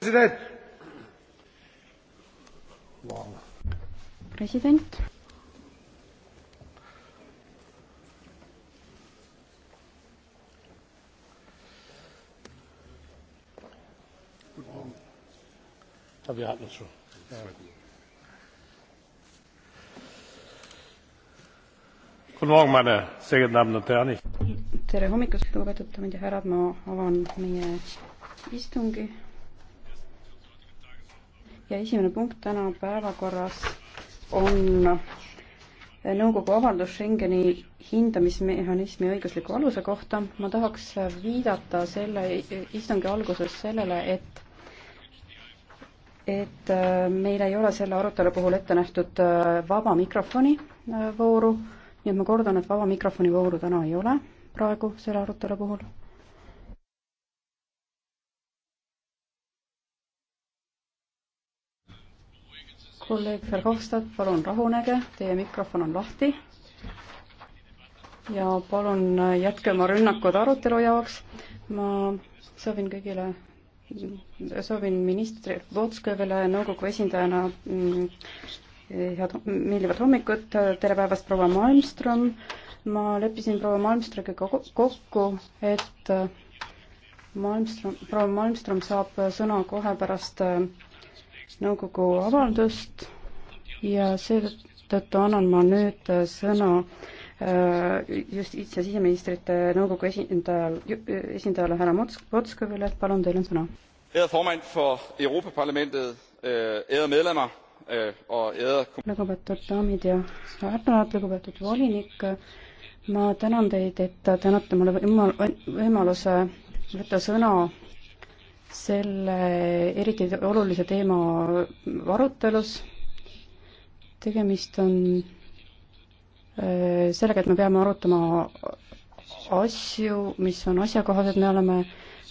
president. president. Ja, wir hatten es schon. Ja. Guten Morgen, meine sehr geehrten Damen und Herren. tere hommikust, lugupeetud daamid ja härrad, ma avan meie istungi ja esimene punkt täna päevakorras on nõukogu avaldus Schengeni hindamismehhanismi õigusliku aluse kohta. ma tahaks viidata selle istungi alguses sellele, et et äh, meil ei ole selle arutelu puhul ette nähtud äh, vaba mikrofoni äh, vooru, nii et ma kordan, et vaba mikrofoni vooru täna ei ole praegu selle arutelu puhul kolleeg Verhofstadt, palun rahunege, teie mikrofon on lahti. ja palun äh, jätke oma rünnakud arutelu jaoks. ma soovin kõigile, mm, soovin ministri Votskõvele nõukogu esindajana mm, eh, head, meeldivat hommikut, tere päevast, proua Malmström. ma leppisin proua Malmströmiga kokku, et äh, Malmström, proua Malmström saab äh, sõna kohe pärast äh, nõukogu avaldust ja seetõttu annan ma nüüd sõna äh, justiits- ja siseministrite nõukogu esindajal, esindajale härra Mots-, Potskovile, palun, teil on sõna. Øh, øh, lugupeetud daamid ja härrad, lugupeetud volinik, ma tänan teid, et te annate mulle võimaluse võtta sõna selle eriti olulise teema arutelus. tegemist on äh, sellega, et me peame arutama asju, mis on asjakohased, me oleme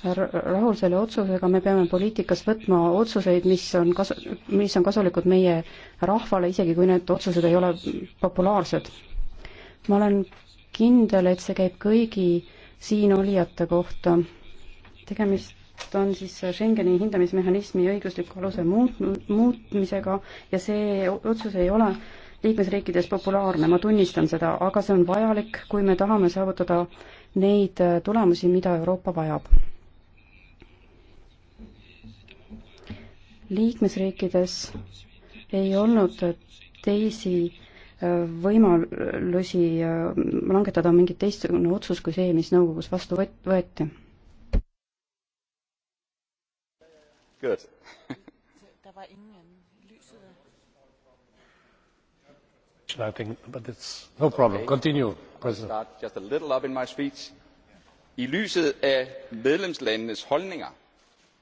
rahul selle otsusega, me peame poliitikas võtma otsuseid, mis on kasu, mis on kasulikud meie rahvale, isegi kui need otsused ei ole populaarsed. ma olen kindel, et see käib kõigi siinolijate kohta. tegemist on siis Schengeni hindamismehhanismi õigusliku aluse muut-, muutmisega ja see otsus ei ole liikmesriikides populaarne, ma tunnistan seda, aga see on vajalik, kui me tahame saavutada neid äh, tulemusi, mida Euroopa vajab. liikmesriikides ei olnud teisi äh, võimalusi äh, langetada mingit teistsugune otsus kui see, mis nõukogus vastu võeti Good. Der war ingen lyset. Er- I think, but it's no problem. Okay. Continue, President. Start just a little up in my speech. I lyset af medlemslandenes holdninger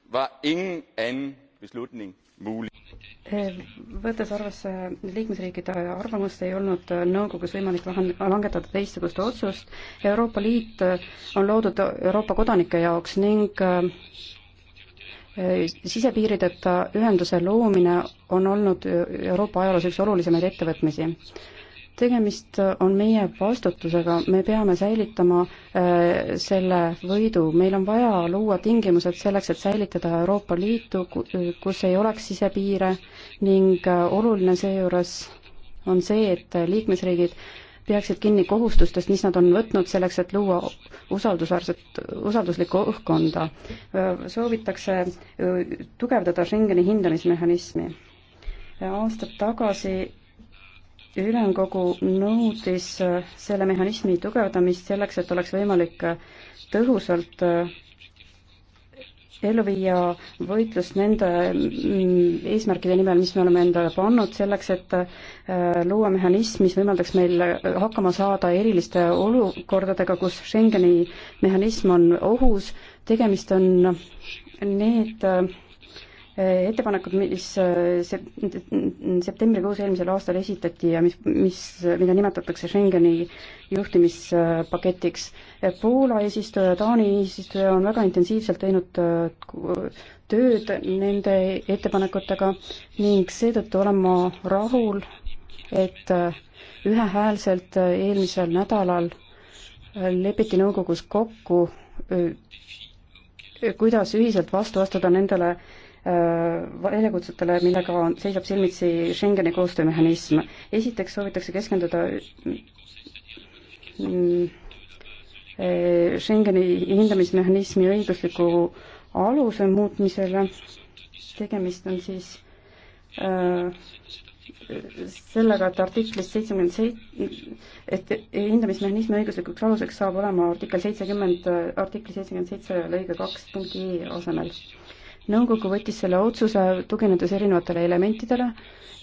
var ingen anden beslutning mulig. Eh, võttes arvesse liikmesriikide arvamust, ei olnud eh, nõukogus võimalik langetada teistsugust otsust. Euroopa Liit eh, on loodud Euroopa kodanike jaoks ning Äh, sisepiirideta ühenduse loomine on olnud Euroopa ajaloos üks olulisemaid ettevõtmisi. tegemist on meie vastutusega, me peame säilitama äh, selle võidu, meil on vaja luua tingimused selleks, et säilitada Euroopa Liitu, kus ei oleks sisepiire ning äh, oluline seejuures on see, et liikmesriigid peaksid kinni kohustustest, mis nad on võtnud selleks, et luua usaldusväärset, usalduslikku õhkkonda. soovitakse tugevdada Schengeni hindamismehhanismi. aastad tagasi ülemkogu nõudis selle mehhanismi tugevdamist selleks, et oleks võimalik tõhusalt ellu viia võitlust nende mm, eesmärkide nimel, mis me oleme endale pannud, selleks et äh, luua mehhanism, mis võimaldaks meil hakkama saada eriliste olukordadega, kus Schengeni mehhanism on ohus, tegemist on need äh, ettepanekud, mis äh, septembrikuus eelmisel aastal esitati ja mis, mis, mida nimetatakse Schengeni juhtimispaketiks. Poola eesistuja ja Taani eesistuja on väga intensiivselt teinud äh, tööd nende ettepanekutega ning seetõttu olen ma rahul, et äh, ühehäälselt eelmisel nädalal lepiti nõukogus kokku, kuidas ühiselt vastu astuda nendele äh, Äh, väljakutsetele, millega seisab silmitsi Schengeni koostöömehhanism. esiteks soovitakse keskenduda äh, Schengeni hindamismehhanismi õigusliku aluse muutmisele. tegemist on siis äh, sellega, et artiklist seitsekümmend seit-, et hindamismehhanismi õiguslikuks aluseks saab olema artikkel seitsekümmend, artikli seitsekümmend seitse lõige kaks punkti e asemel nõukogu võttis selle otsuse tuginedes erinevatele elementidele.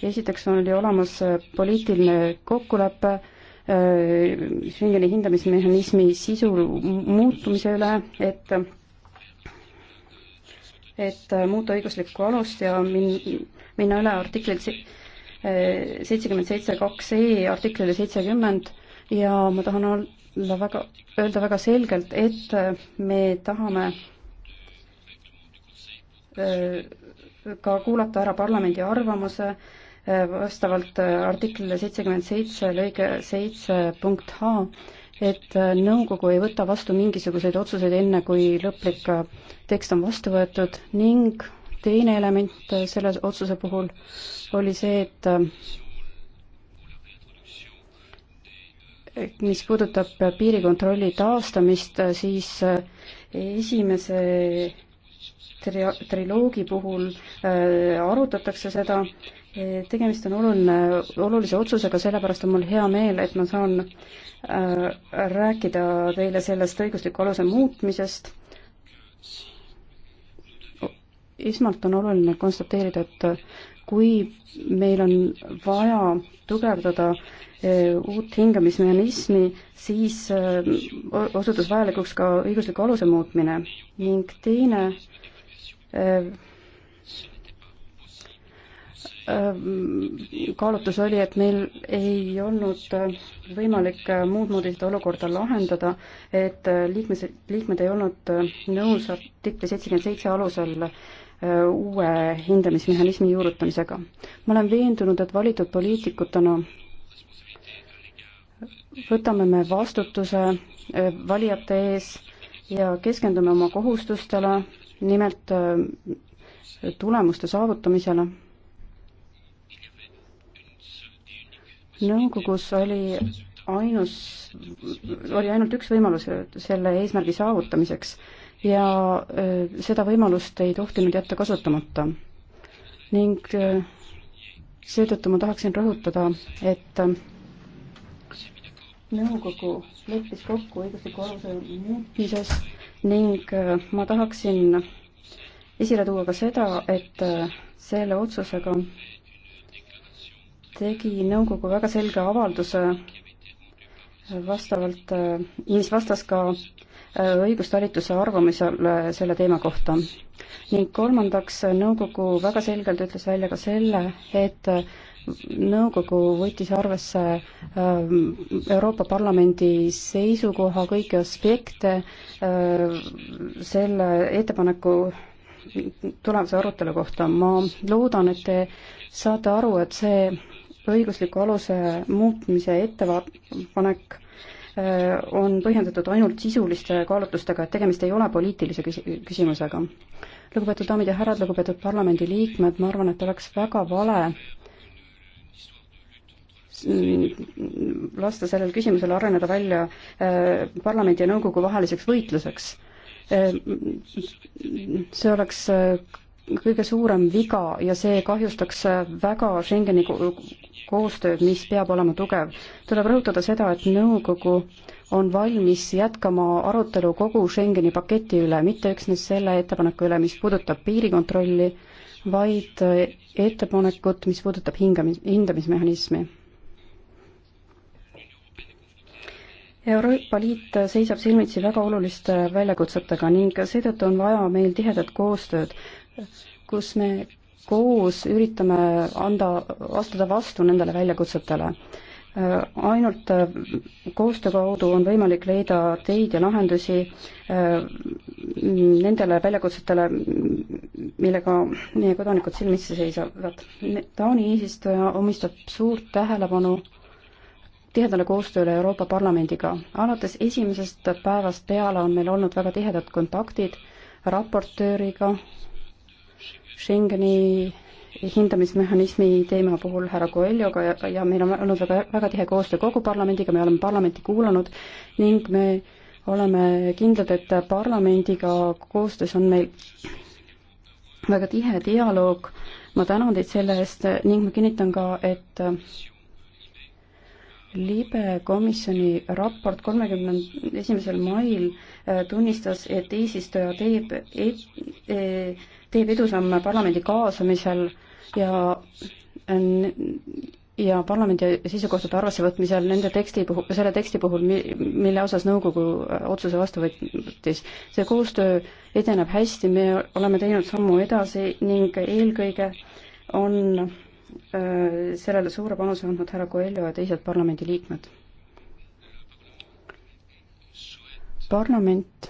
esiteks oli olemas äh, poliitiline kokkulepe äh, Schengeni hindamismehhanismi sisu muutumise üle, et et muuta õiguslikku alust ja min-, minna üle artiklil äh, seitsekümmend seitse kaks E artiklile seitsekümmend ja ma tahan olla väga, öelda väga selgelt, et me tahame äh, Äh, ka kuulata ära parlamendi arvamuse äh, vastavalt äh, artiklile seitsekümmend seitse lõige seitse punkt H, et nõukogu ei võta vastu mingisuguseid otsuseid enne, kui lõplik tekst on vastu võetud ning teine element selle otsuse puhul oli see, et et mis puudutab piirikontrolli taastamist, siis esimese tri-, triloogi puhul äh, arutatakse seda. tegemist on oluline, olulise otsusega, sellepärast on mul hea meel, et ma saan äh, rääkida teile sellest õigusliku aluse muutmisest. esmalt on oluline konstateerida, et äh, kui meil on vaja tugevdada uut hingamismehhanismi, siis osutus vajalikuks ka õigusliku aluse muutmine ning teine Ehm, kaalutlus oli, et meil ei olnud äh, võimalik äh, muud moodi seda olukorda lahendada, et äh, liikmes, liikmed ei olnud nõus artikli seitsekümmend seitse alusel uue hindamismehhanismi juurutamisega. ma olen veendunud, et valitud poliitikutena võtame me vastutuse valijate ees ja keskendume oma kohustustele, nimelt äh, tulemuste saavutamisele. nõukogus oli ainus, oli ainult üks võimalus selle eesmärgi saavutamiseks ja äh, seda võimalust ei tohtinud jätta kasutamata. ning äh, seetõttu ma tahaksin rõhutada, et nõukogu leppis kokku õigusliku aluse muutmises ning äh, ma tahaksin esile tuua ka seda, et äh, selle otsusega tegi nõukogu väga selge avalduse vastavalt, äh, mis vastas ka õigustalituse arvamusele selle teema kohta. ning kolmandaks, nõukogu väga selgelt ütles välja ka selle, et nõukogu võttis arvesse ähm, Euroopa Parlamendi seisukoha kõiki aspekte äh, selle ettepaneku tulemuse arutelu kohta. ma loodan, et te saate aru, et see õigusliku aluse muutmise ettepanek äh, on põhjendatud ainult sisuliste kaalutlustega, et tegemist ei ole poliitilise küsimusega. lugupeetud daamid ja härrad, lugupeetud parlamendiliikmed, ma arvan, et oleks väga vale Mm, lasta sellel küsimusel areneda välja äh, parlamendi ja nõukogu vaheliseks võitluseks. Äh, see oleks äh, kõige suurem viga ja see kahjustaks väga Schengeni koostööd, mis peab olema tugev. tuleb rõhutada seda, et nõukogu on valmis jätkama arutelu kogu Schengeni paketi üle, mitte üksnes selle ettepaneku üle, mis puudutab piirikontrolli, vaid ettepanekut, mis puudutab hingamis, hindamismehhanismi Euroopa Liit seisab silmitsi väga oluliste väljakutsetega ning seetõttu on vaja meil tihedat koostööd, kus me koos üritame anda, astuda vastu nendele väljakutsetele. ainult koostöö kaudu on võimalik leida teid ja lahendusi nendele väljakutsetele, millega meie kodanikud silmitsi seisavad. Taani eesistuja omistab suurt tähelepanu tihedale koostööle Euroopa Parlamendiga. alates esimesest päevast peale on meil olnud väga tihedad kontaktid raportööriga Schengeni hindamismehhanismi teema puhul härra Coelhoga ja, ja meil on olnud väga, väga tihe koostöö kogu parlamendiga, me oleme parlamenti kuulanud ning me oleme kindlad, et parlamendiga koostöös on meil väga tihe dialoog. ma tänan teid selle eest ning ma kinnitan ka, et libe komisjoni raport kolmekümnend esimesel mail äh, tunnistas, et eesistuja teeb et,, e-, teeb edusamme parlamendi kaasamisel ja ja parlamendi seisukohtade arvessevõtmisel nende teksti puhul, selle teksti puhul, mille osas nõukogu äh, otsuse vastu võttis. see koostöö edeneb hästi, me oleme teinud sammu edasi ning eelkõige on äh, sellele suure panuse andnud härra Coelho ja teised parlamendiliikmed. parlament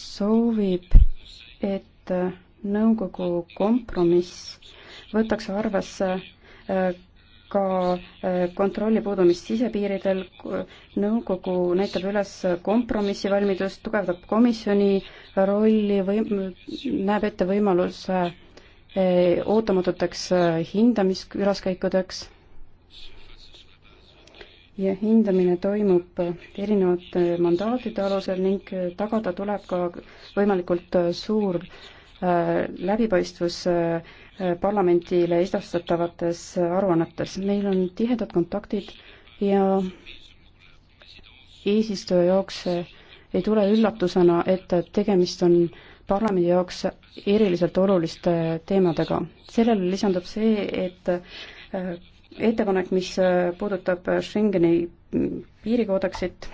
soovib, et nõukogu kompromiss võtaks arvesse ka kontrolli puudumist sisepiiridel, nõukogu näitab üles kompromissivalmidust, tugevdab komisjoni rolli või näeb ette võimaluse ootamatuteks äh, hindamisülaskäikudeks ja hindamine toimub erinevate mandaatide alusel ning tagada tuleb ka võimalikult äh, suur äh, läbipaistvus parlamendile edastatavates aruannetes. meil on tihedad kontaktid ja eesistuja jaoks ei tule üllatusena, et tegemist on äh, parlamendi jaoks eriliselt oluliste teemadega. sellele lisandub see, et äh, ettepanek, mis äh, puudutab äh, Schengeni mm, piirikoodeksit,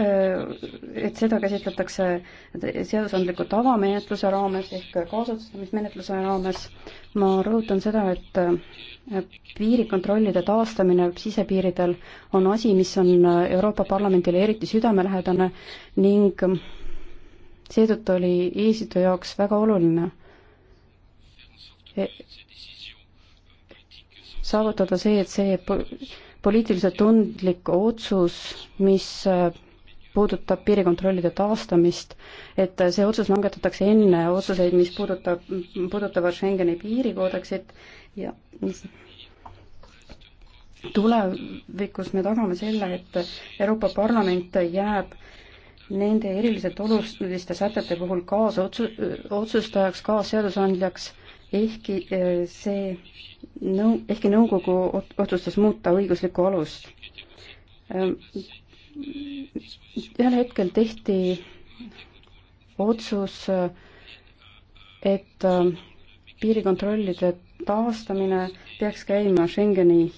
et seda käsitletakse seadusandliku tavamenetluse raames ehk kaasotsustamismenetluse raames. ma rõhutan seda, et piirikontrollide taastamine sisepiiridel on asi, mis on Euroopa Parlamendile eriti südamelähedane ning seetõttu oli eesistuja jaoks väga oluline saavutada see, et see poliitiliselt tundlik otsus, mis puudutab piirikontrollide taastamist, et see otsus langetatakse enne otsuseid, mis puudutab, puudutavad Schengeni piirikoodeksit ja tulevikus me tagame selle, et Euroopa Parlament jääb nende eriliselt oluliste sätete puhul kaasotsu-, otsustajaks, kaasseadusandjaks, ehkki eh, see nõu-, ehkki nõukogu otsustas muuta õiguslikku alust ühel hetkel tehti otsus, et äh, piirikontrollide taastamine peaks käima Schengeni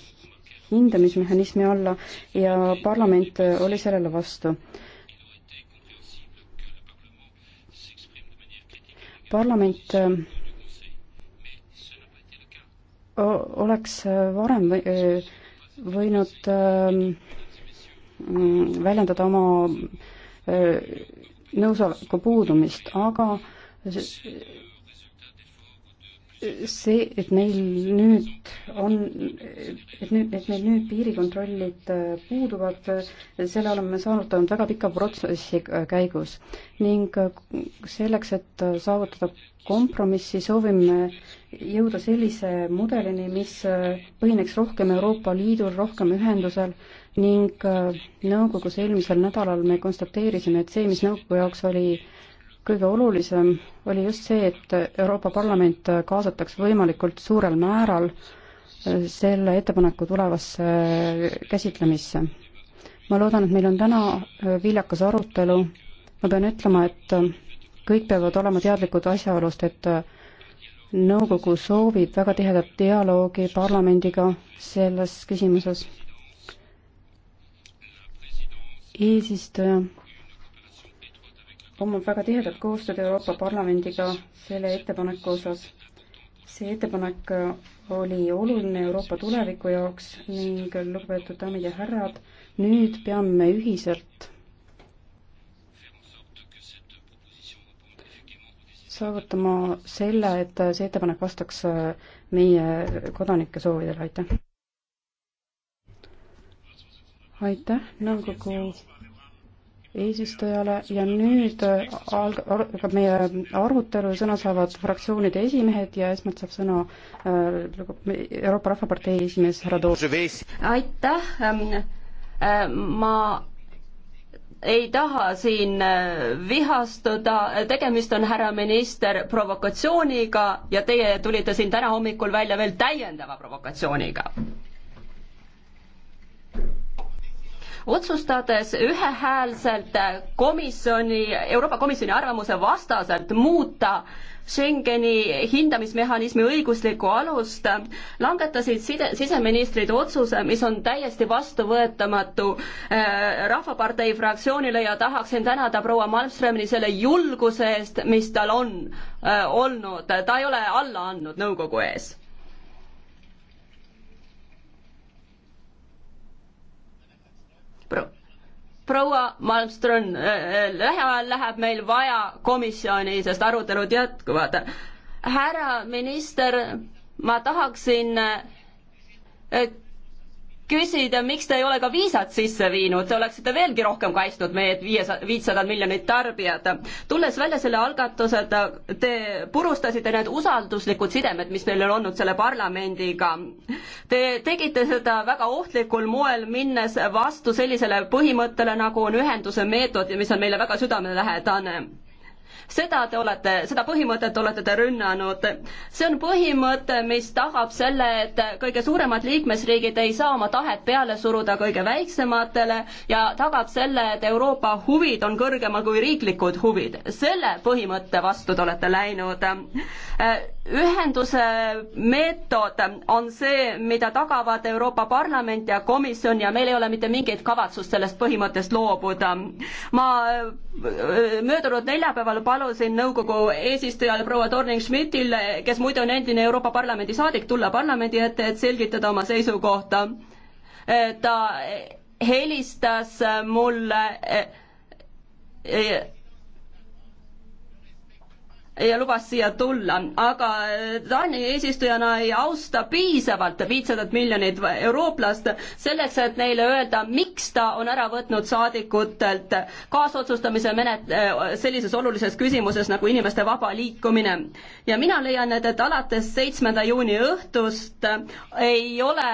hindamismehhanismi alla ja parlament oli sellele vastu. parlament äh, oleks äh, varem või, võinud ähm, Mm, väljendada oma nõusoleku puudumist, aga see, et meil nüüd on, et nüüd, et meil nüüd piirikontrollid äh, puuduvad, selle oleme saavutanud väga pika protsessi käigus ning äh, selleks, et äh, saavutada kompromissi, soovime jõuda sellise mudelini, mis põhineks rohkem Euroopa Liidul, rohkem ühendusel ning nõukogus eelmisel nädalal me konstateerisime, et see, mis nõukogu jaoks oli äh, kõige olulisem oli just see, et Euroopa Parlament kaasataks võimalikult suurel määral selle ettepaneku tulevasse käsitlemisse. ma loodan, et meil on täna viljakas arutelu, ma pean ütlema, et kõik peavad olema teadlikud asjaolust, et nõukogu soovib väga tihedat dialoogi parlamendiga selles küsimuses. eesistuja omab väga tihedat koostööd Euroopa Parlamendiga selle ettepaneku osas. see ettepanek oli oluline Euroopa tuleviku jaoks ning lugupeetud daamid ja härrad, nüüd peame me ühiselt saavutama selle, et see ettepanek vastaks meie kodanike soovidele, aitäh! aitäh, nõukogu eesistujale ja nüüd algab meie arutelu, sõna saavad fraktsioonide esimehed ja esmalt saab sõna äh, Euroopa Rahvapartei esimees härra Toom. aitäh, ähm, äh, ma ei taha siin äh, vihastuda, tegemist on härra minister provokatsiooniga ja teie tulite siin täna hommikul välja veel täiendava provokatsiooniga otsustades ühehäälselt komisjoni, Euroopa Komisjoni arvamuse vastaselt muuta Schengeni hindamismehhanismi õiguslikku alust, langetasid side, siseministrid otsuse, mis on täiesti vastuvõetamatu äh, Rahvapartei fraktsioonile ja tahaksin tänada proua Malmströmi selle julguse eest, mis tal on äh, olnud, ta ei ole alla andnud nõukogu ees proua Malmström, lähiajal läheb meil vaja komisjoni, sest arutelud jätkuvad. härra minister, ma tahaksin küsida, miks te ei ole ka viisat sisse viinud, te oleksite veelgi rohkem kaitsnud meie viiesada, viitsada miljonit tarbijat. tulles välja selle algatusega, te purustasite need usalduslikud sidemed, mis neil on olnud selle parlamendiga. Te tegite seda väga ohtlikul moel, minnes vastu sellisele põhimõttele, nagu on ühenduse meetod ja mis on meile väga südamelähedane seda te olete, seda põhimõtet olete te rünnanud. see on põhimõte, mis tagab selle, et kõige suuremad liikmesriigid ei saa oma tahet peale suruda kõige väiksematele ja tagab selle, et Euroopa huvid on kõrgemal kui riiklikud huvid. selle põhimõtte vastu te olete läinud ühenduse meetod on see, mida tagavad Euroopa Parlament ja Komisjon ja meil ei ole mitte mingeid kavatsust sellest põhimõttest loobuda. ma äh, möödunud neljapäeval palusin nõukogu eesistujal proua Torning-Schmidtil, kes muide on endine Euroopa Parlamendi saadik, tulla parlamendi ette, et selgitada oma seisukohta. Äh, ta helistas mulle äh, ja lubas siia tulla, aga äh, Taani eesistujana ei austa piisavalt viitsadat miljonit eurooplast selleks, et neile öelda, miks ta on ära võtnud saadikutelt kaasotsustamise menet-, äh, sellises olulises küsimuses nagu inimeste vaba liikumine. ja mina leian, et, et alates seitsmenda juuni õhtust ei ole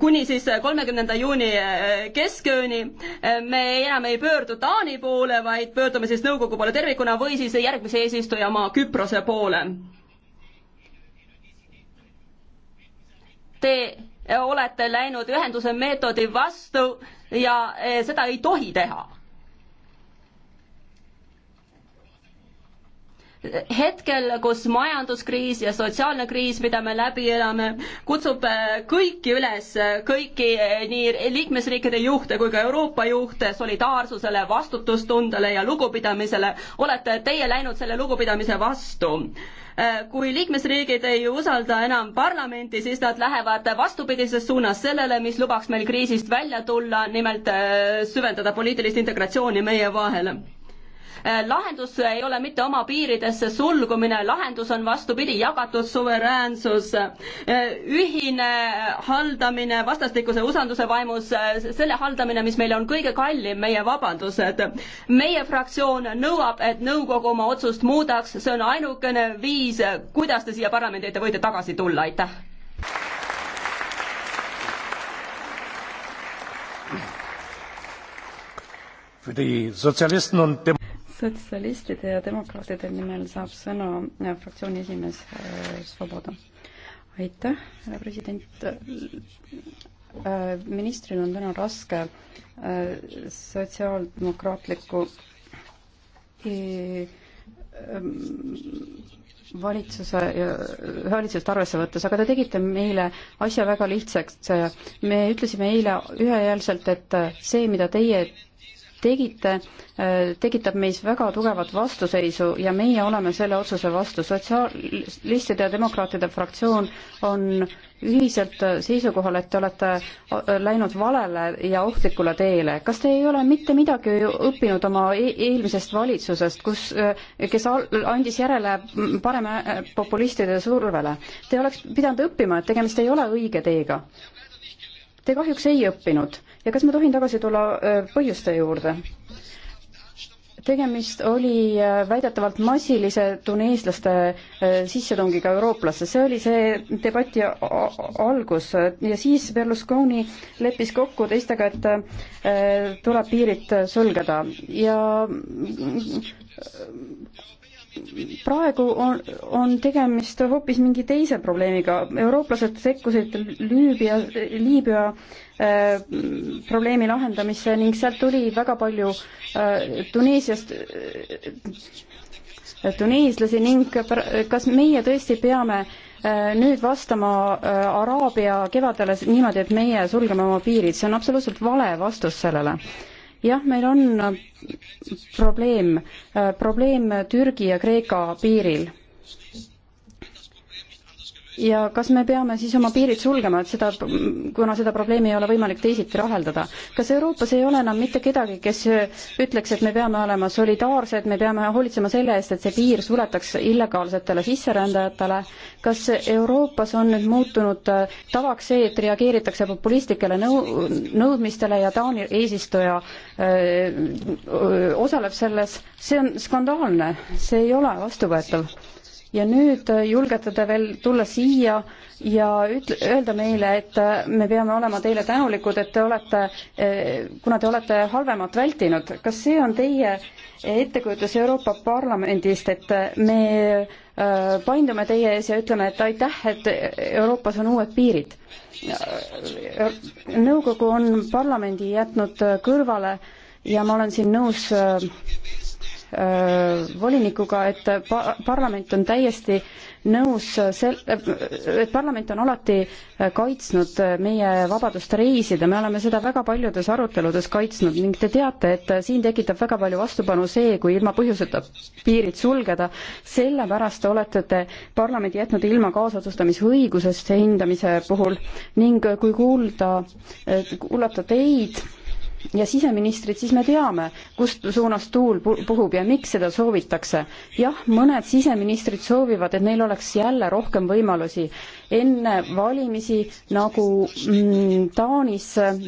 kuni siis kolmekümnenda juuni äh, keskööni. Äh, me enam ei pöördu Taani poole, vaid pöördume siis nõukogu poole tervikuna või siis järgmise eesistujamaa Küprose poole. Te äh, olete läinud ühenduse meetodi vastu ja seda ei tohi teha hetkel, kus majanduskriis ja sotsiaalne kriis, mida me läbi elame, kutsub äh, kõiki üles, kõiki äh, nii liikmesriikide juhte kui ka Euroopa juhte solidaarsusele, vastutustundele ja lugupidamisele, olete teie läinud selle lugupidamise vastu äh, kui liikmesriigid ei usalda enam parlamenti, siis nad lähevad vastupidises suunas sellele, mis lubaks meil kriisist välja tulla, nimelt süvendada poliitilist integratsiooni meie vahel Äh, lahendus ei ole mitte oma piiridesse sulgumine, lahendus on vastupidi, jagatud suveräänsus, äh, ühine haldamine vastastikuse usalduse vaimus, äh, selle haldamine, mis meile on kõige kallim, meie vabadused. meie fraktsioon nõuab, et nõukogu oma otsust muudaks, see on ainukene viis, kuidas te siia parlamendi ette võite tagasi tulla, aitäh. für die sozialisten und sotsialistide ja demokraatide nimel saab sõna äh, fraktsiooni esimees äh, Svoboda. aitäh, härra president. Äh, ministril on täna raske sotsiaaldemokraatliku ähm, valitsuse ja valitsust arvesse võttes, aga te tegite meile asja väga lihtsaks. me ütlesime eile ühehäälselt, et see, mida teie tegite, tekitab meis väga tugevat vastuseisu ja meie oleme selle otsuse vastu. sotsialistide ja demokraatide fraktsioon on ühiselt seisukohal, et te olete läinud valele ja ohtlikule teele. kas te ei ole mitte midagi õppinud oma e-, eelmisest valitsusest, kus, kes andis järele parempopulistide survele? Te oleks pidanud õppima, et tegemist ei ole õige teega. Te kahjuks ei õppinud ja kas ma tohin tagasi tulla äh, põhjuste juurde? tegemist oli äh, väidetavalt massilise tuneeslaste äh, sissetungiga eurooplasse, see oli see debati algus ja siis Berlusconi leppis kokku teistega, et tuleb piirid sulgeda ja mm, praegu on, on tegemist hoopis mingi teise probleemiga. eurooplased sekkusid Lüübia, Liibüa äh, probleemi lahendamisse ning sealt tuli väga palju äh, Tuneesiast äh, tuneeslasi ning kas meie tõesti peame äh, nüüd vastama äh, Araabia kevadele niimoodi, et meie sulgeme oma piirid, see on absoluutselt vale vastus sellele jah, meil on äh, probleem, äh, probleem Türgi ja Kreeka piiril ja kas me peame siis oma piirid sulgema, et seda, kuna seda probleemi ei ole võimalik teisiti lahendada? kas Euroopas ei ole enam mitte kedagi, kes ütleks, et me peame olema solidaarsed, me peame hoolitsema selle eest, et see piir suletaks illegaalsetele sisserändajatele? kas Euroopas on nüüd muutunud tavaks see, et reageeritakse populistlikele nõu-, nõudmistele ja Taani eesistuja öö, öö, osaleb selles, see on skandaalne, see ei ole vastuvõetav ja nüüd äh, julgete te veel tulla siia ja ütle, öelda meile, et äh, me peame olema teile tänulikud, et te olete, äh, kuna te olete halvemat vältinud, kas see on teie ettekujutus Euroopa Parlamendist, et me paindume teie ees ja ütleme, et aitäh, et Euroopas on uued piirid. nõukogu on parlamendi jätnud kõrvale ja ma olen siin nõus Äh, volinikuga, et pa-, parlament on täiesti nõus sel-, äh, et parlament on alati äh, kaitsnud meie vabadust reisida, me oleme seda väga paljudes aruteludes kaitsnud ning te teate, et siin tekitab väga palju vastupanu see, kui ilma põhjuseta piirid sulgeda, sellepärast olete te parlamendi jätnud ilma kaasotsustamisõigusest hindamise puhul ning kui kuulda, kuulata teid, ja siseministrid, siis me teame, kust suunas tuul puhub ja miks seda soovitakse. jah, mõned siseministrid soovivad, et neil oleks jälle rohkem võimalusi enne valimisi nagu mm, Taanis äh,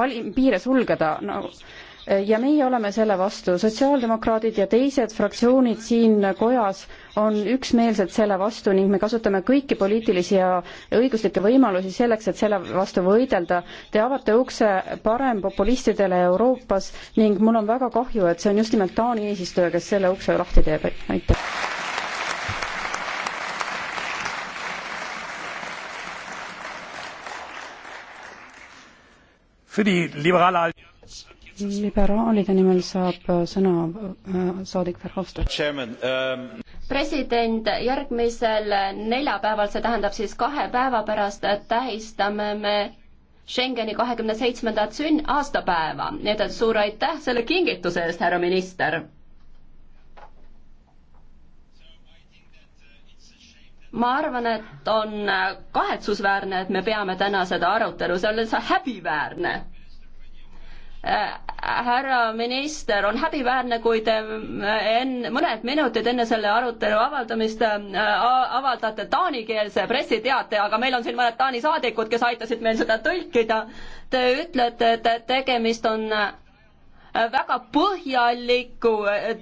vali-, piire sulgeda, nagu no, ja meie oleme selle vastu. sotsiaaldemokraadid ja teised fraktsioonid siin kojas on üksmeelselt selle vastu ning me kasutame kõiki poliitilisi ja õiguslikke võimalusi selleks, et selle vastu võidelda. Te avate ukse parempopulistidele Euroopas ning mul on väga kahju, et see on just nimelt Taani eesistuja, kes selle ukse lahti teeb. aitäh. für die liberale liberaalide nimel saab äh, sõna äh, saadik Verhofstadt. Um, president, järgmisel neljapäeval, see tähendab siis kahe päeva pärast, tähistame me Schengeni kahekümne seitsmendat sünn-, aastapäeva, nii et, et suur aitäh selle kingituse eest, härra minister ma arvan, et on äh, kahetsusväärne, et me peame täna seda arutelu, see on lihtsalt häbiväärne Äh, härra minister, on häbiväärne, kui te äh, enn-, mõned minutid enne selle arutelu avaldamist äh, avaldate taanikeelse pressiteate, aga meil on siin mõned Taani saadikud, kes aitasid meil seda tõlkida. Te ütlete, et tegemist on väga põhjaliku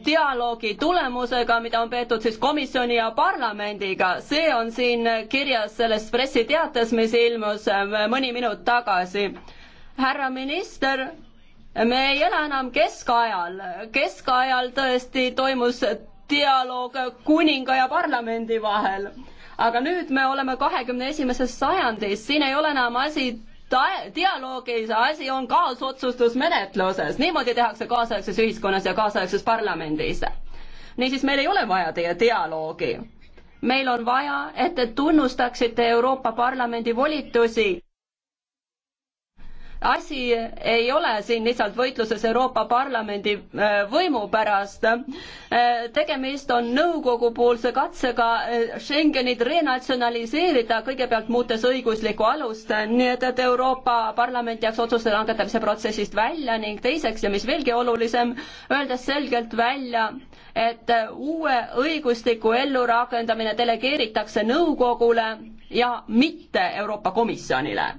dialoogi tulemusega, mida on peetud siis komisjoni ja parlamendiga. see on siin kirjas selles pressiteates, mis ilmus mõni minut tagasi. härra minister me ei ela enam keskajal, keskajal tõesti toimus dialoog kuninga ja parlamendi vahel. aga nüüd me oleme kahekümne esimeses sajandis, siin ei ole enam asi dialoogis, asi on kaasotsustusmenetluses, niimoodi tehakse kaasaegses ühiskonnas ja kaasaegses parlamendis. niisiis, meil ei ole vaja teie dialoogi. meil on vaja, et te tunnustaksite Euroopa Parlamendi volitusi asi ei ole siin lihtsalt võitluses Euroopa Parlamendi äh, võimu pärast. Äh, tegemist on nõukogu poolse katsega äh, Schengenit renatsionaliseerida, kõigepealt muutes õiguslikku alust, nii et, et Euroopa Parlament jääks otsuste langetamise protsessist välja ning teiseks ja mis veelgi olulisem, öeldes selgelt välja, et uue õigustiku ellurakendamine delegeeritakse nõukogule ja mitte Euroopa Komisjonile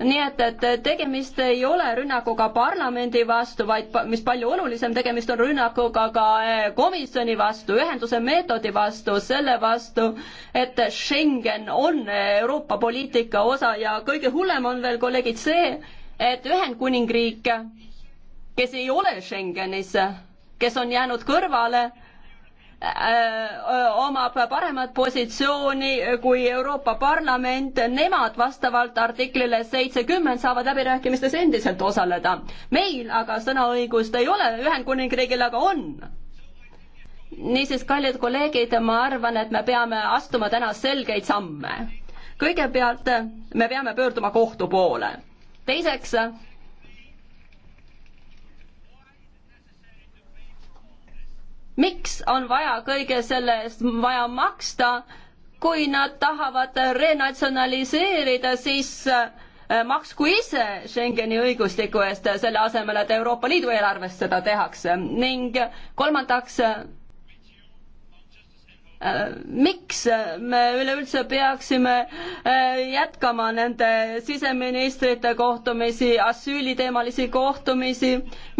nii et, et tegemist ei ole rünnakuga parlamendi vastu, vaid mis palju olulisem, tegemist on rünnakuga ka eh, komisjoni vastu, ühenduse meetodi vastu, selle vastu, et Schengen on eh, Euroopa poliitika osa ja kõige hullem on veel, kolleegid, see, et Ühendkuningriik, kes ei ole Schengenis, kes on jäänud kõrvale, Äh, omab paremat positsiooni kui Euroopa Parlament, nemad vastavalt artiklile seitsekümmend saavad läbirääkimistes endiselt osaleda. meil aga sõnaõigust ei ole, Ühendkuningriigil aga on niisiis, kallid kolleegid, ma arvan, et me peame astuma täna selgeid samme. kõigepealt me peame pöörduma kohtu poole. teiseks miks on vaja kõige selle eest vaja maksta, kui nad tahavad renatsionaliseerida, siis äh, maksku ise Schengeni õigustiku eest, selle asemel, et Euroopa Liidu eelarvest seda tehakse ning kolmandaks Äh, miks me üleüldse peaksime äh, jätkama nende siseministrite kohtumisi, asüüliteemalisi kohtumisi,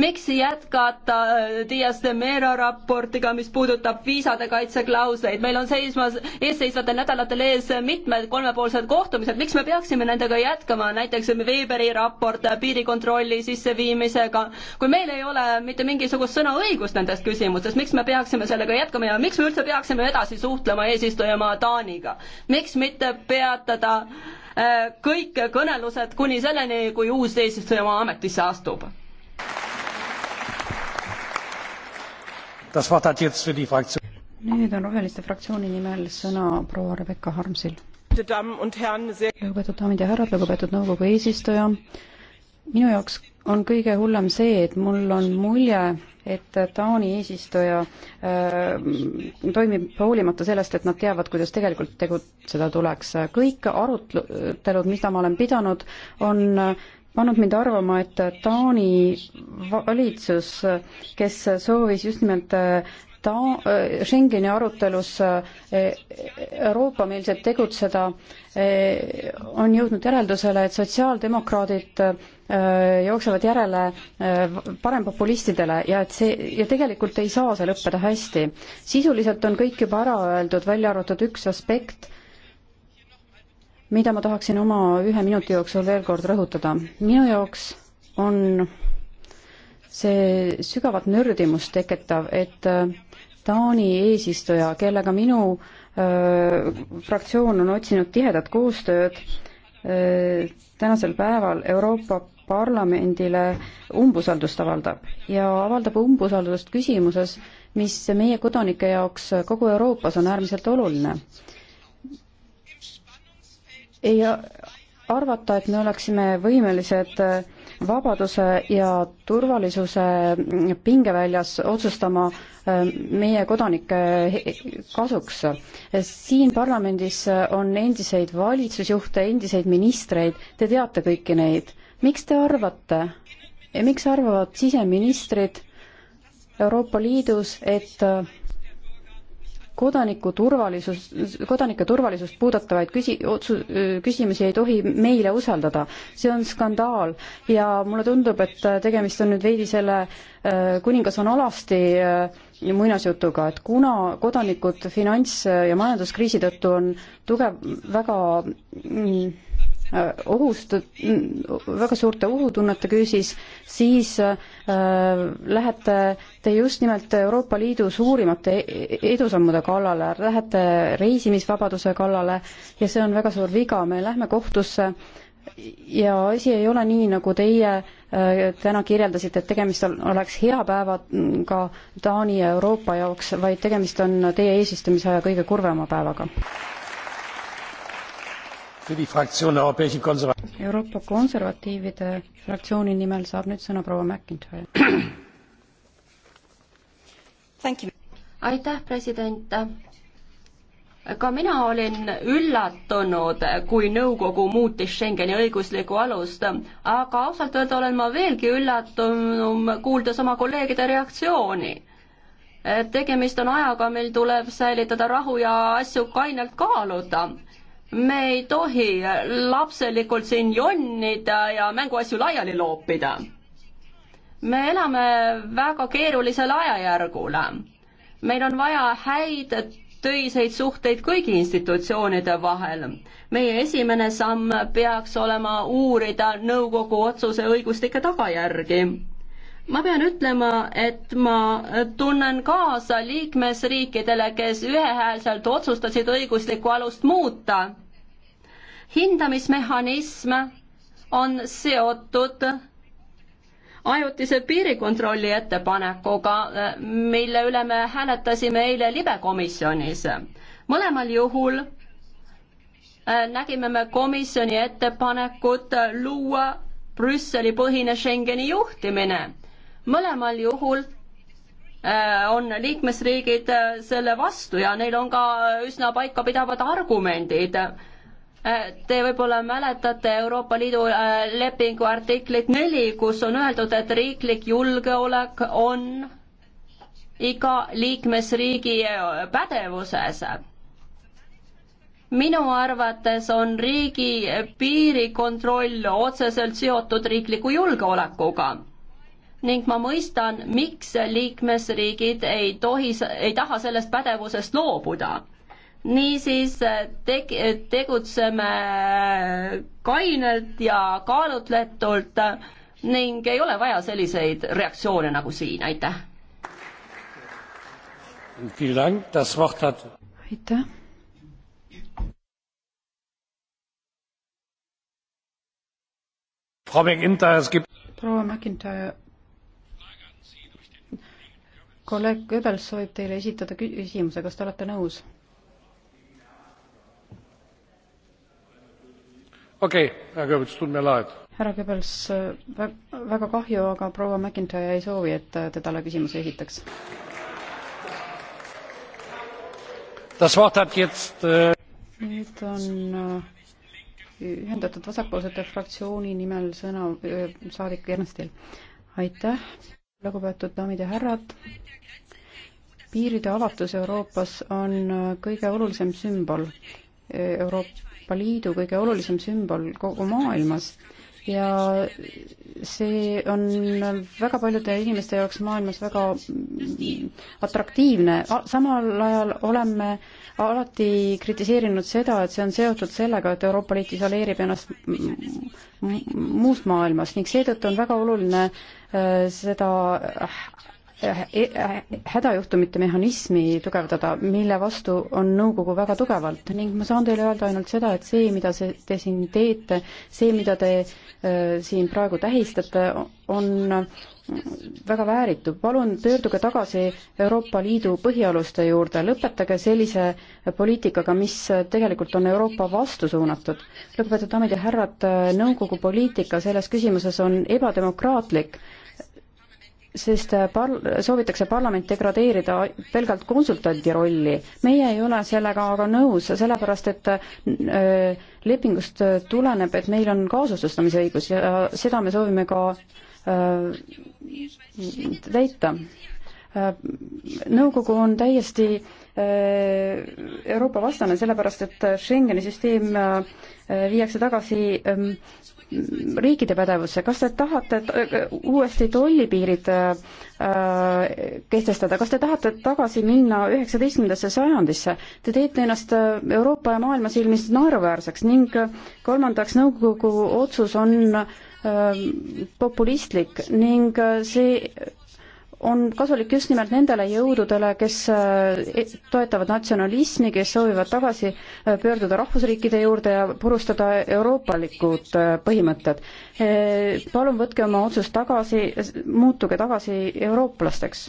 miks jätkata äh, Dias de Mera raportiga, mis puudutab viisade kaitseklauseid, meil on seisma, eesseisvatel nädalatel ees mitmed kolmepoolsed kohtumised, miks me peaksime nendega jätkama, näiteks Weberi raport piirikontrolli sisseviimisega, kui meil ei ole mitte mingisugust sõnaõigust nendes küsimustes, miks me peaksime sellega jätkama ja miks me üldse peaksime edasi edasi suhtlema eesistujamaa Taaniga. miks mitte peatada äh, kõik kõnelused kuni selleni, kui uus eesistujamaa ametisse astub? nüüd on Roheliste fraktsiooni nimel sõna proua Rebecca Harmsil. lugupeetud daamid ja härrad, lugupeetud nõukogu eesistuja, minu jaoks on kõige hullem see, et mul on mulje, et Taani eesistuja äh, toimib hoolimata sellest, et nad teavad, kuidas tegelikult tegutseda tuleks. kõik arutelud, mida ma olen pidanud, on pannud mind arvama, et Taani valitsus, kes soovis just nimelt äh, ta-, äh, Schengeni arutelus Euroopa-meelselt tegutseda, on jõudnud järeldusele, et sotsiaaldemokraadid Äh, jooksevad järele äh, parempopulistidele ja et see, ja tegelikult ei saa see lõppeda hästi. sisuliselt on kõik juba ära öeldud, välja arvatud üks aspekt, mida ma tahaksin oma ühe minuti jooksul veel kord rõhutada. minu jaoks on see sügavat nördimust tekitav, et äh, Taani eesistuja, kellega minu öö, fraktsioon on otsinud tihedat koostööd, tänasel päeval Euroopa Parlamendile umbusaldust avaldab ja avaldab umbusaldust küsimuses, mis meie kodanike jaoks kogu Euroopas on äärmiselt oluline. ei arvata, et me oleksime võimelised vabaduse ja turvalisuse pingeväljas otsustama meie kodanike kasuks. siin parlamendis on endiseid valitsusjuhte, endiseid ministreid, te teate kõiki neid. miks te arvate, miks arvavad siseministrid Euroopa Liidus, et kodaniku turvalisus, kodanike turvalisust puudutavaid küsi-, otsu-, küsimusi ei tohi meile usaldada. see on skandaal ja mulle tundub, et tegemist on nüüd veidi selle äh, kuningas on alasti äh, muinasjutuga, et kuna kodanikud finants- ja majanduskriisi tõttu on tugev, väga mm, ohust, mm, väga suurte ohutunnete küüsis, siis äh, lähete te just nimelt Euroopa Liidu suurimate e-, e-, edusammude kallale, lähete reisimisvabaduse kallale ja see on väga suur viga, me lähme kohtusse ja asi ei ole nii, nagu teie äh, Äh, täna kirjeldasite, et tegemist on, oleks hea päevaga Taani ja Euroopa jaoks, vaid tegemist on teie eesistumise aja kõige kurvema päevaga. Euroopa Konservatiivide fraktsiooni nimel saab nüüd sõna proua McIntyre. aitäh, president ka mina olin üllatunud, kui nõukogu muutis Schengeni õiguslikku alust, aga ausalt öelda olen ma veelgi üllatunum, kuuldes oma kolleegide reaktsiooni. tegemist on ajaga, mil tuleb säilitada rahu ja asju kainelt kaaluda. me ei tohi lapselikult siin jonnida ja mänguasju laiali loopida. me elame väga keerulisel ajajärgul meil on vaja häid töiseid suhteid kõigi institutsioonide vahel. meie esimene samm peaks olema uurida nõukogu otsuse õiguslikke tagajärgi. ma pean ütlema, et ma tunnen kaasa liikmesriikidele, kes ühehäälselt otsustasid õiguslikku alust muuta. hindamismehhanism on seotud ajutise piirikontrolli ettepanekuga, mille üle me hääletasime eile libekomisjonis. mõlemal juhul äh, nägime me komisjoni ettepanekut luua Brüsseli põhine Schengeni juhtimine. mõlemal juhul äh, on liikmesriigid äh, selle vastu ja neil on ka üsna paikapidavad argumendid Äh, te võib-olla mäletate Euroopa Liidu äh, lepingu artiklit neli, kus on öeldud, et riiklik julgeolek on iga liikmesriigi äh, pädevuses. minu arvates on riigi piirikontroll otseselt seotud riikliku julgeolekuga ning ma mõistan, miks liikmesriigid ei tohi, ei taha sellest pädevusest loobuda niisiis teg-, tegutseme kainelt ja kaalutletult ning ei ole vaja selliseid reaktsioone nagu siin, aitäh. aitäh. proua McIntyre, kolleeg Goebbels soovib teile esitada küsimuse, kas te olete nõus? okei okay,, härra Goebbels, tut mir leid. härra Goebbels, väga kahju, aga proua McIntyre ei soovi, et te talle küsimusi esitaks. Äh, nüüd on äh, ühendatud vasakpoolsete fraktsiooni nimel sõna äh, saadik Ernstil. aitäh, lugupeetud daamid ja härrad piiride avatus Euroopas on kõige olulisem sümbol Euroopa Liidu kõige olulisem sümbol kogu maailmas ja see on väga paljude inimeste jaoks maailmas väga atraktiivne. samal ajal oleme alati kritiseerinud seda, et see on seotud sellega, et Euroopa Liit isoleerib ennast muust maailmast ning seetõttu on väga oluline äh, seda Äh, äh, hädajuhtumite mehhanismi tugevdada, mille vastu on nõukogu väga tugevalt ning ma saan teile öelda ainult seda, et see, mida see, te siin teete, see, mida te äh, siin praegu tähistate, on väga vääritu. palun pöörduge tagasi Euroopa Liidu põhialuste juurde, lõpetage sellise poliitikaga, mis tegelikult on Euroopa vastu suunatud. lugupeetud daamid ja härrad, nõukogu poliitika selles küsimuses on ebademokraatlik sest äh, par-, soovitakse parlament degradeerida pelgalt konsultandi rolli. meie ei ole sellega aga nõus, sellepärast et öö, äh, lepingust äh, tuleneb, et meil on kaasotsustamise õigus ja seda me soovime ka öö, täita. Nõukogu on täiesti Euroopa vastane, sellepärast et Schengeni süsteem viiakse tagasi ähm, riikide pädevusse, kas te tahate äh, uuesti tollipiirid äh, kehtestada, kas te tahate tagasi minna üheksateistkümnendasse sajandisse? Te teete ennast äh, Euroopa ja maailma silmis naeruväärseks ning kolmandaks, nõukogu otsus on populistlik ning see on kasulik just nimelt nendele jõududele, kes eh, e-, toetavad natsionalismi, kes soovivad tagasi eh, pöörduda rahvusriikide juurde ja purustada euroopalikud eh, põhimõtted. palun võtke oma otsus tagasi, muutuge tagasi eurooplasteks.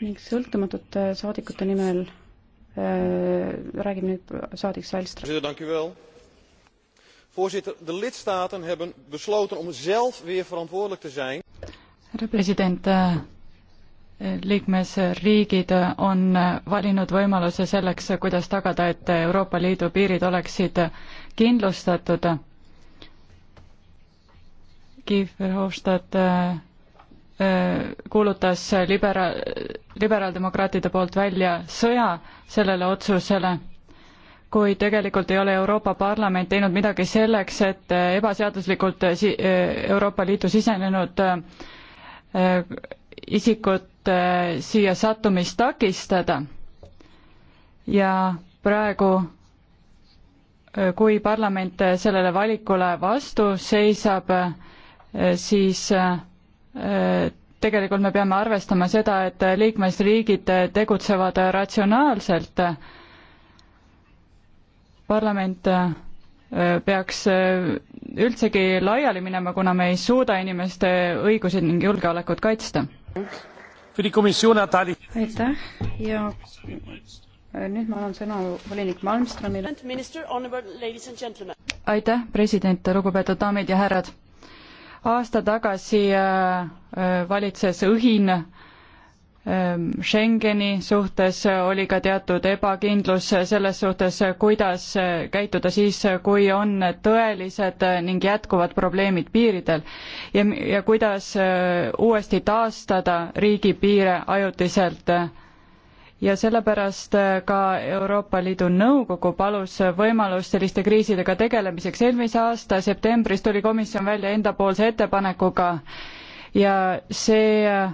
ning sõltumatute saadikute nimel äh, räägib nüüd saadik Salstra voorzitter de lidstaten hebben besloten om zelf weer verantwoordelijk te zijn. härra president eh, eh, liikmesriigid eh, on valinud võimaluse selleks kuidas tagada et euroopa liidu piirid oleksid kindlustatud. Guy Verhofstadt kuulutas libera-, liberaaldemokraatide poolt välja sõja sellele otsusele kui tegelikult ei ole Euroopa Parlament teinud midagi selleks, et ebaseaduslikult si-, Euroopa Liitu sisenenud äh, isikute äh, siia sattumist takistada. ja praegu, äh, kui parlament sellele valikule vastu seisab, siis tegelikult me peame arvestama seda, et liikmesriigid tegutsevad ratsionaalselt parlament äh, peaks äh, üldsegi laiali minema, kuna me ei suuda inimeste õigusi ning julgeolekut kaitsta. aitäh ja nüüd ma annan sõna volinik Malmströmile. aitäh, president, lugupeetud daamid ja härrad. aasta tagasi äh, valitses õhin Ehm, Schengeni suhtes oli ka teatud ebakindlus selles suhtes, kuidas eh, käituda siis, kui on tõelised ning jätkuvad probleemid piiridel ja, ja kuidas eh, uuesti taastada riigipiire ajutiselt. ja sellepärast eh, ka Euroopa Liidu Nõukogu palus võimalust selliste kriisidega tegelemiseks. eelmise aasta septembris tuli komisjon välja endapoolse ettepanekuga ja see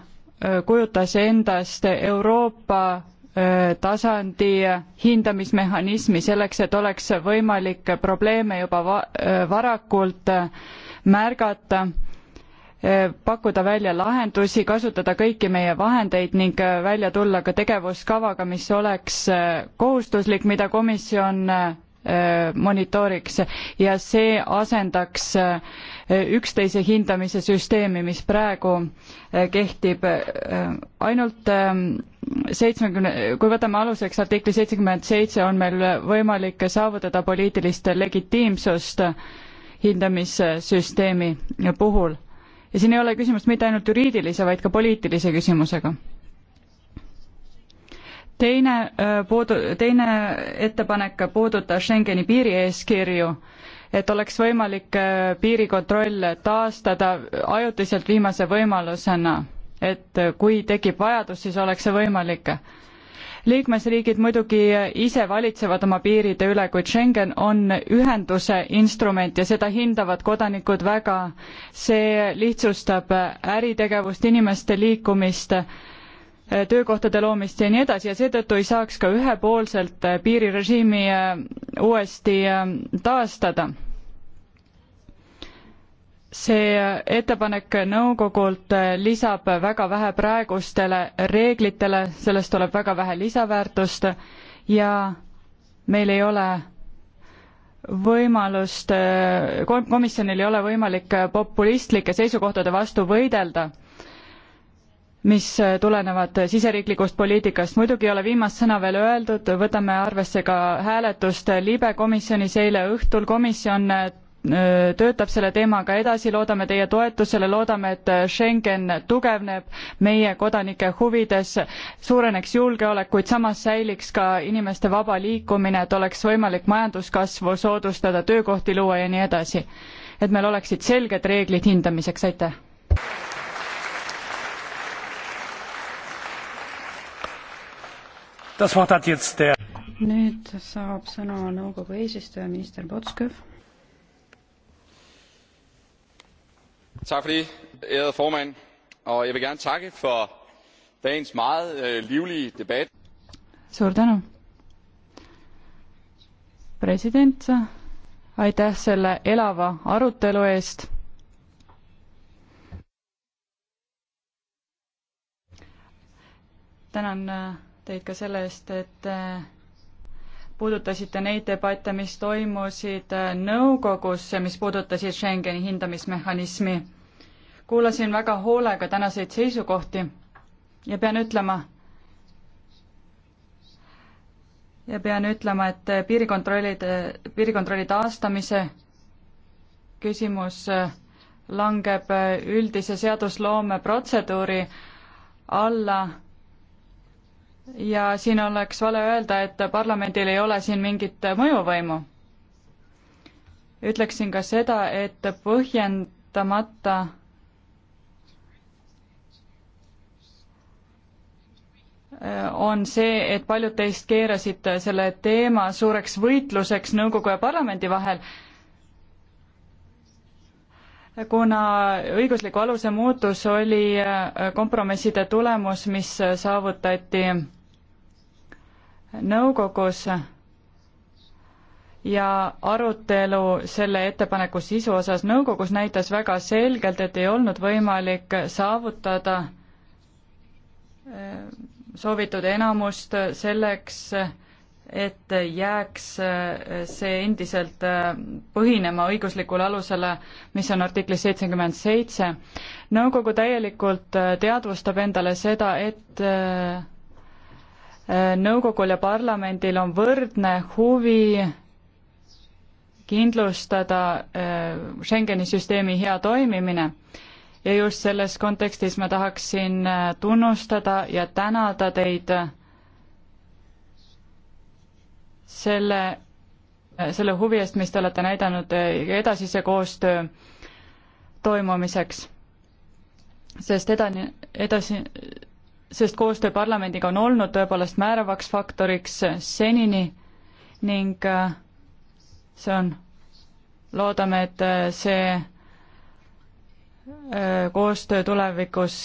Äh, kujutas endast Euroopa äh, tasandi hindamismehhanismi selleks, et oleks võimalik probleeme juba va äh, varakult märgata, pakkuda välja lahendusi, kasutada kõiki meie vahendeid ning välja tulla ka tegevuskavaga, mis oleks kohustuslik, mida komisjon monitooriks ja see asendaks äh, üksteise hindamise süsteemi, mis praegu eh, kehtib eh, ainult eh, seitsmekümne, kui võtame aluseks artikli seitsekümmend seitse, on meil võimalik saavutada poliitilist legitiimsust hindamissüsteemi puhul. ja siin ei ole küsimust mitte ainult juriidilise, vaid ka poliitilise küsimusega teine puudu-, teine ettepanek puudutas Schengeni piirieeskirju et oleks võimalik äh, piirikontroll taastada ajutiselt viimase võimalusena, et äh, kui tekib vajadus, siis oleks see võimalik. liikmesriigid muidugi ise valitsevad oma piiride üle, kuid Schengen on ühenduse instrument ja seda hindavad kodanikud väga. see lihtsustab äritegevust, inimeste liikumist Äh, töökohtade loomist ja nii edasi ja seetõttu ei saaks ka ühepoolselt äh, piirirežiimi äh, uuesti taastada. see ettepanek nõukogult lisab väga vähe praegustele reeglitele, sellest tuleb väga vähe lisaväärtust ja meil ei ole võimalust, komisjonil ei ole võimalik populistlike seisukohtade vastu võidelda mis äh, tulenevad äh, siseriiklikust poliitikast. muidugi ei ole viimast sõna veel öeldud, võtame arvesse ka hääletust äh, libe komisjonis eile õhtul, komisjon töötab selle teemaga edasi, loodame teie toetusele, loodame, et Schengen tugevneb meie kodanike huvides, suureneks julgeolek, kuid samas säiliks ka inimeste vaba liikumine, et oleks võimalik majanduskasvu soodustada, töökohti luua ja nii edasi. et meil oleksid selged reeglid hindamiseks, aitäh! nüüd saab sõna nõukogu eesistuja minister Potskõv. Tak for det, ærede formand, og jeg vil gerne takke for dagens meget øh, livlige debat. Suur tänu. President, aitäh selle elava arutelu eest. Tänan äh, teid ka selle eest, et äh, puudutasite neid debatte, mis toimusid äh, nõukogus, mis puudutasid Schengeni hindamismehhanismi. kuulasin väga hoolega tänaseid seisukohti ja pean ütlema, ja pean ütlema, et äh, piirikontrollide, piirikontrolli taastamise küsimus langeb üldise seadusloome protseduuri alla ja siin oleks vale öelda, et parlamendil ei ole siin mingit mõjuvõimu. ütleksin ka seda, et põhjendamata on see, et paljud teist keerasid selle teema suureks võitluseks nõukogu ja parlamendi vahel, kuna õigusliku aluse muutus oli kompromisside tulemus, mis saavutati nõukogus ja arutelu selle ettepaneku sisu osas nõukogus näitas väga selgelt, et ei olnud võimalik saavutada äh, soovitud enamust selleks, et jääks äh, see endiselt äh, põhinema õiguslikule alusele, mis on artiklis seitsekümmend seitse. nõukogu täielikult teadvustab endale seda, et nõukogul ja parlamendil on võrdne huvi kindlustada äh, Schengeni süsteemi hea toimimine. ja just selles kontekstis ma tahaksin äh, tunnustada ja tänada teid äh, selle, selle huvi eest, mis te olete näidanud edasise koostöö toimumiseks. sest edani, edasi, sest koostöö parlamendiga on olnud tõepoolest määravaks faktoriks senini ning äh, see on, loodame, et äh, see äh, koostöö tulevikus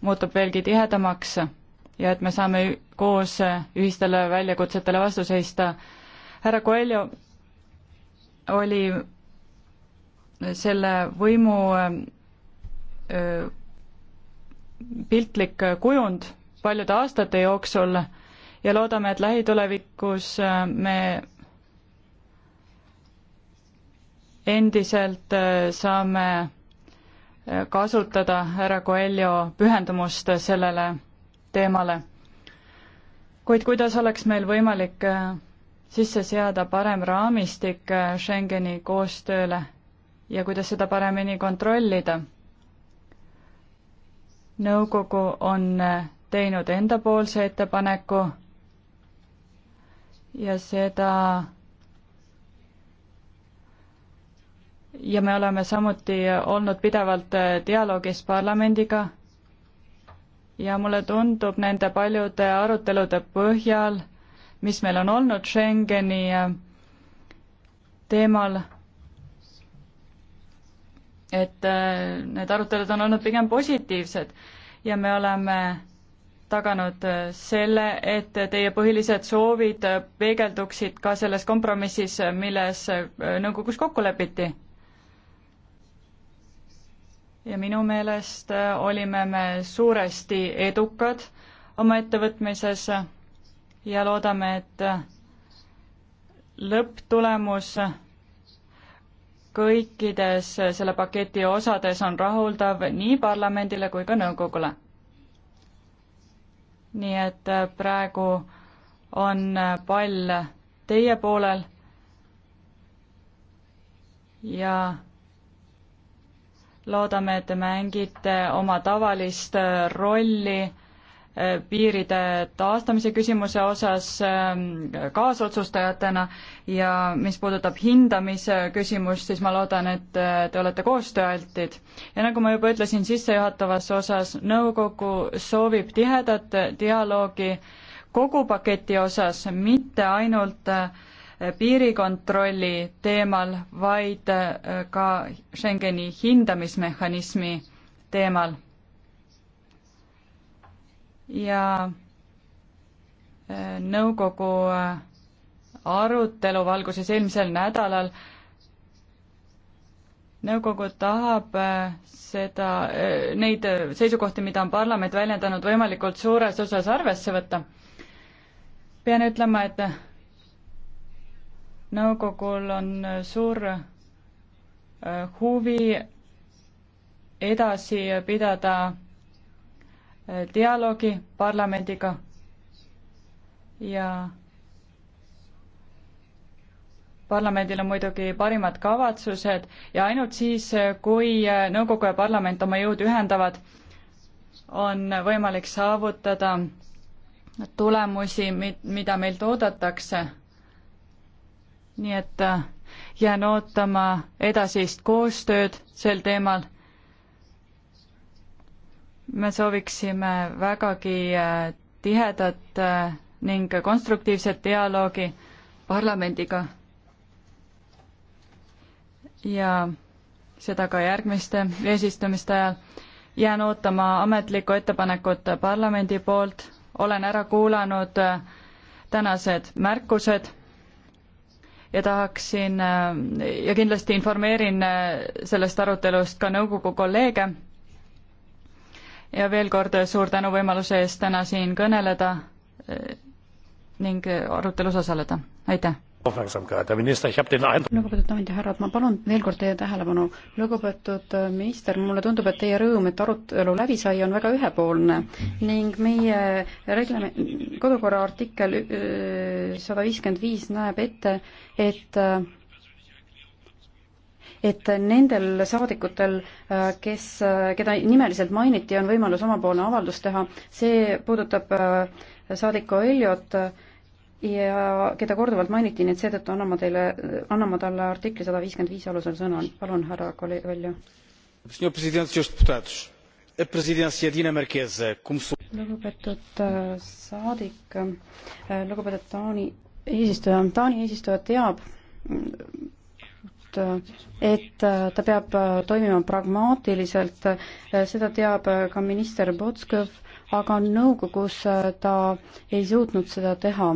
muutub veelgi tihedamaks ja et me saame koos ühistele väljakutsetele vastu seista. härra Coelho oli selle võimu piltlik kujund paljude aastate jooksul ja loodame, et lähitulevikus äh, me endiselt äh, saame äh, kasutada härra Coelho pühendumust sellele teemale. kuid kuidas oleks meil võimalik sisse seada parem raamistik Schengeni koostööle ja kuidas seda paremini kontrollida? nõukogu on äh, teinud endapoolse ettepaneku ja seda ja me oleme samuti olnud pidevalt äh, dialoogis parlamendiga ja mulle tundub nende paljude arutelude põhjal, mis meil on olnud Schengeni äh, teemal et äh, need arutelud on olnud pigem positiivsed ja me oleme taganud äh, selle, et teie põhilised soovid äh, peegelduksid ka selles kompromissis, milles nõukogus kokku lepiti. ja minu meelest olime me suuresti edukad oma ettevõtmises ja loodame, et lõpptulemus kõikides selle paketi osades on rahuldav nii parlamendile kui ka nõukogule. nii et äh, praegu on äh, pall teie poolel ja loodame, et te mängite oma tavalist äh, rolli piiride taastamise küsimuse osas ähm, kaasotsustajatena ja mis puudutab hindamise küsimust, siis ma loodan, et äh, te olete koostööaltid. ja nagu ma juba ütlesin sissejuhatavas osas, nõukogu soovib tihedat dialoogi kogu paketi osas, mitte ainult äh, piirikontrolli teemal, vaid äh, ka Schengeni hindamismehhanismi teemal ja äh, nõukogu äh, arutelu valguses eelmisel nädalal nõukogu tahab äh, seda, neid seisukohti, mida on parlament väljendanud, võimalikult suures osas arvesse võtta. pean ütlema, et nõukogul on suur huvi edasi pidada dialoogi parlamendiga ja parlamendil on muidugi parimad kavatsused ja ainult siis, kui nõukogu ja parlament oma jõud ühendavad, on võimalik saavutada tulemusi, mida meilt oodatakse. nii et äh, jään ootama edasist koostööd sel teemal me sooviksime vägagi äh, tihedat äh, ning konstruktiivset dialoogi parlamendiga. ja seda ka järgmiste eesistumiste ajal. jään ootama ametlikku ettepanekut parlamendi poolt, olen ära kuulanud äh, tänased märkused ja tahaksin ja kindlasti informeerin sellest arutelust ka nõukogu kolleege ja veel kord eh, suur tänu võimaluse eest täna siin kõneleda eh, ning eh, arutelus osaleda, aitäh! lugupeetud daamid ja härrad, ma palun veel kord teie tähelepanu. lugupeetud minister, mulle tundub, et teie rõõm, et arutelu läbi sai, on väga ühepoolne ning meie reglame-, kodukorra artikkel sada viiskümmend viis näeb ette, et et nendel saadikutel, äh, kes, äh, keda nimeliselt mainiti, on võimalus omapoolne avaldus teha, see puudutab äh, saadiku Eliot ja keda korduvalt mainiti, nii et seetõttu annan ma teile, annan ma talle artikli sada viiskümmend viis alusel sõna, palun, härra Kollivälju. lugupeetud saadik, lugupeetud Taani eesistuja, Taani eesistuja teab, öelnud, et äh, ta peab äh, toimima pragmaatiliselt, äh, seda teab ka minister Botskõv, aga nõukogus ta ei suutnud seda teha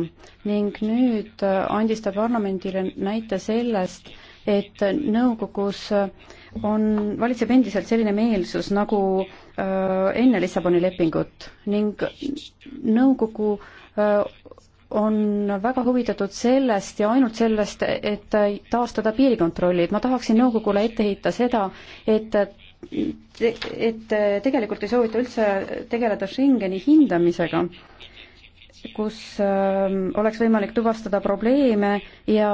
ning nüüd andis ta parlamendile näite sellest, et nõukogus on, valitseb endiselt selline meelsus nagu öö, enne Lissaboni lepingut ning nõukogu öö, on väga huvitatud sellest ja ainult sellest, et taastada piirikontrollid. ma tahaksin nõukogule ette heita seda, et et tegelikult ei soovita üldse tegeleda Schengeni hindamisega, kus ähm, oleks võimalik tuvastada probleeme ja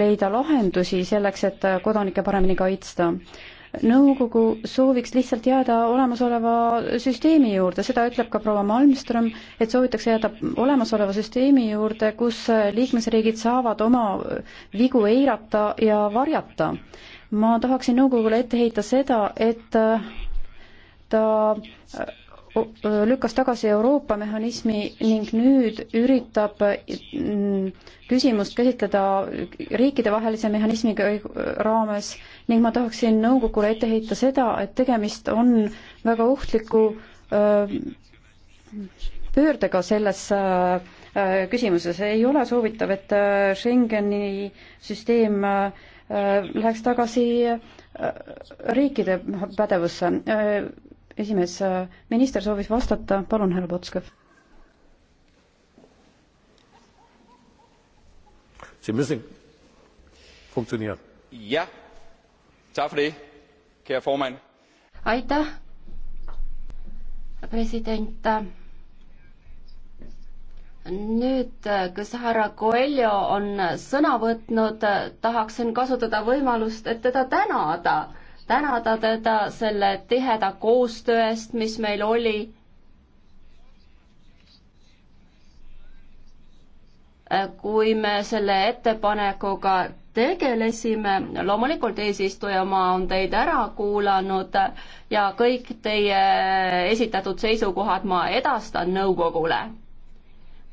leida lahendusi selleks, et kodanikke paremini kaitsta nõukogu sooviks lihtsalt jääda olemasoleva süsteemi juurde, seda ütleb ka proua Malmström, et soovitakse jääda olemasoleva süsteemi juurde, kus liikmesriigid saavad oma vigu eirata ja varjata. ma tahaksin nõukogule ette heita seda, et ta lükkas tagasi Euroopa mehhanismi ning nüüd üritab küsimust käsitleda riikidevahelise mehhanismi raames ning ma tahaksin nõukogule ette heita seda, et tegemist on väga ohtliku pöördega selles küsimuses, ei ole soovitav, et Schengeni süsteem läheks tagasi riikide pädevusse. esimees, minister soovis vastata, palun, härra Potskõv. see mõte funktsioneerib. jah aitäh, president. nüüd, kus härra Coelho on sõna võtnud, tahaksin kasutada võimalust, et teda tänada, tänada teda selle tiheda koostöö eest, mis meil oli kui me selle ettepanekuga tegelesime. loomulikult eesistujamaa on teid ära kuulanud ja kõik teie esitatud seisukohad ma edastan nõukogule.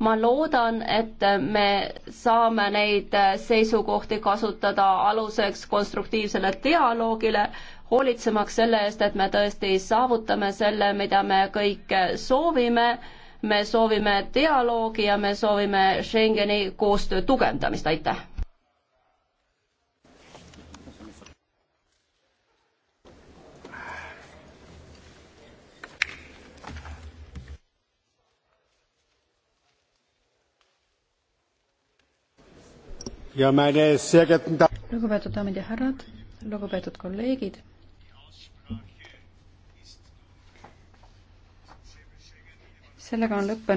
ma loodan, et me saame neid seisukohti kasutada aluseks konstruktiivsele dialoogile, hoolitsemaks selle eest, et me tõesti saavutame selle, mida me kõik soovime. me soovime dialoogi ja me soovime Schengeni koostöö tugevdamist, aitäh! lugupeetud daamid ja härrad, lugupeetud kolleegid. sellega on lõppenud